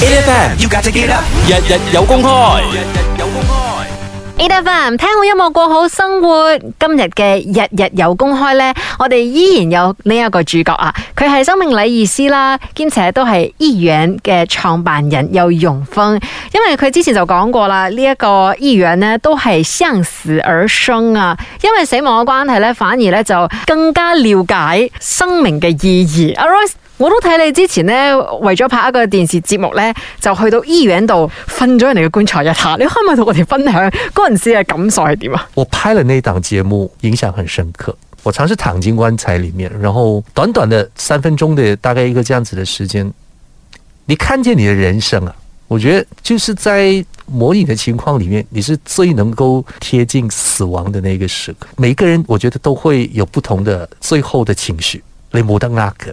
A. e f a y o u o t to g e up 日日 Fam, 有有。日日有公開，日日有公開。A. d e a 聽好音樂過好生活。今日嘅日日有公開呢，我哋依然有呢一個主角啊，佢係生命禮儀師啦，兼且都係一圓嘅創辦人又勇豐。因為佢之前就講過啦，呢、這、一個一圓呢都係向死而生啊，因為死亡嘅關係呢，反而呢就更加了解生命嘅意義。a r s 我都睇你之前呢，為咗拍一個電視節目呢，就去到醫院度瞓咗人哋嘅棺材一下，你可唔可以同我哋分享嗰陣時嘅感受係點啊？我拍了那檔節目，印象很深刻。我嘗試躺進棺材裏面，然後短短的三分鐘的大概一個這樣子的時間，你看見你的人生啊？我覺得就是在模擬的情況裏面，你是最能夠貼近死亡的那個時刻。每個人我覺得都會有不同的最後的情緒。你摩登阿哥。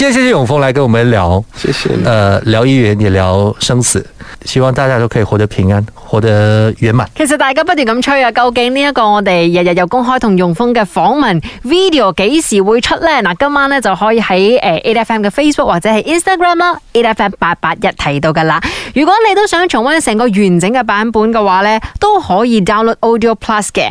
謝謝謝勇豐來跟我們聊，謝謝你、呃，聊一圓也聊生死，希望大家都可以活得平安，活得圓滿。其實大家不斷咁吹啊，究竟呢一個我哋日日有公開同勇豐嘅訪問 video 幾時會出呢？嗱，今晚咧，就可以喺誒8 FM 嘅 Facebook 或者係 Instagram 啦，8 FM 八八一睇到噶啦。如果你都想重温成個完整嘅版本嘅話咧，都可以 download Audio Plus 嘅。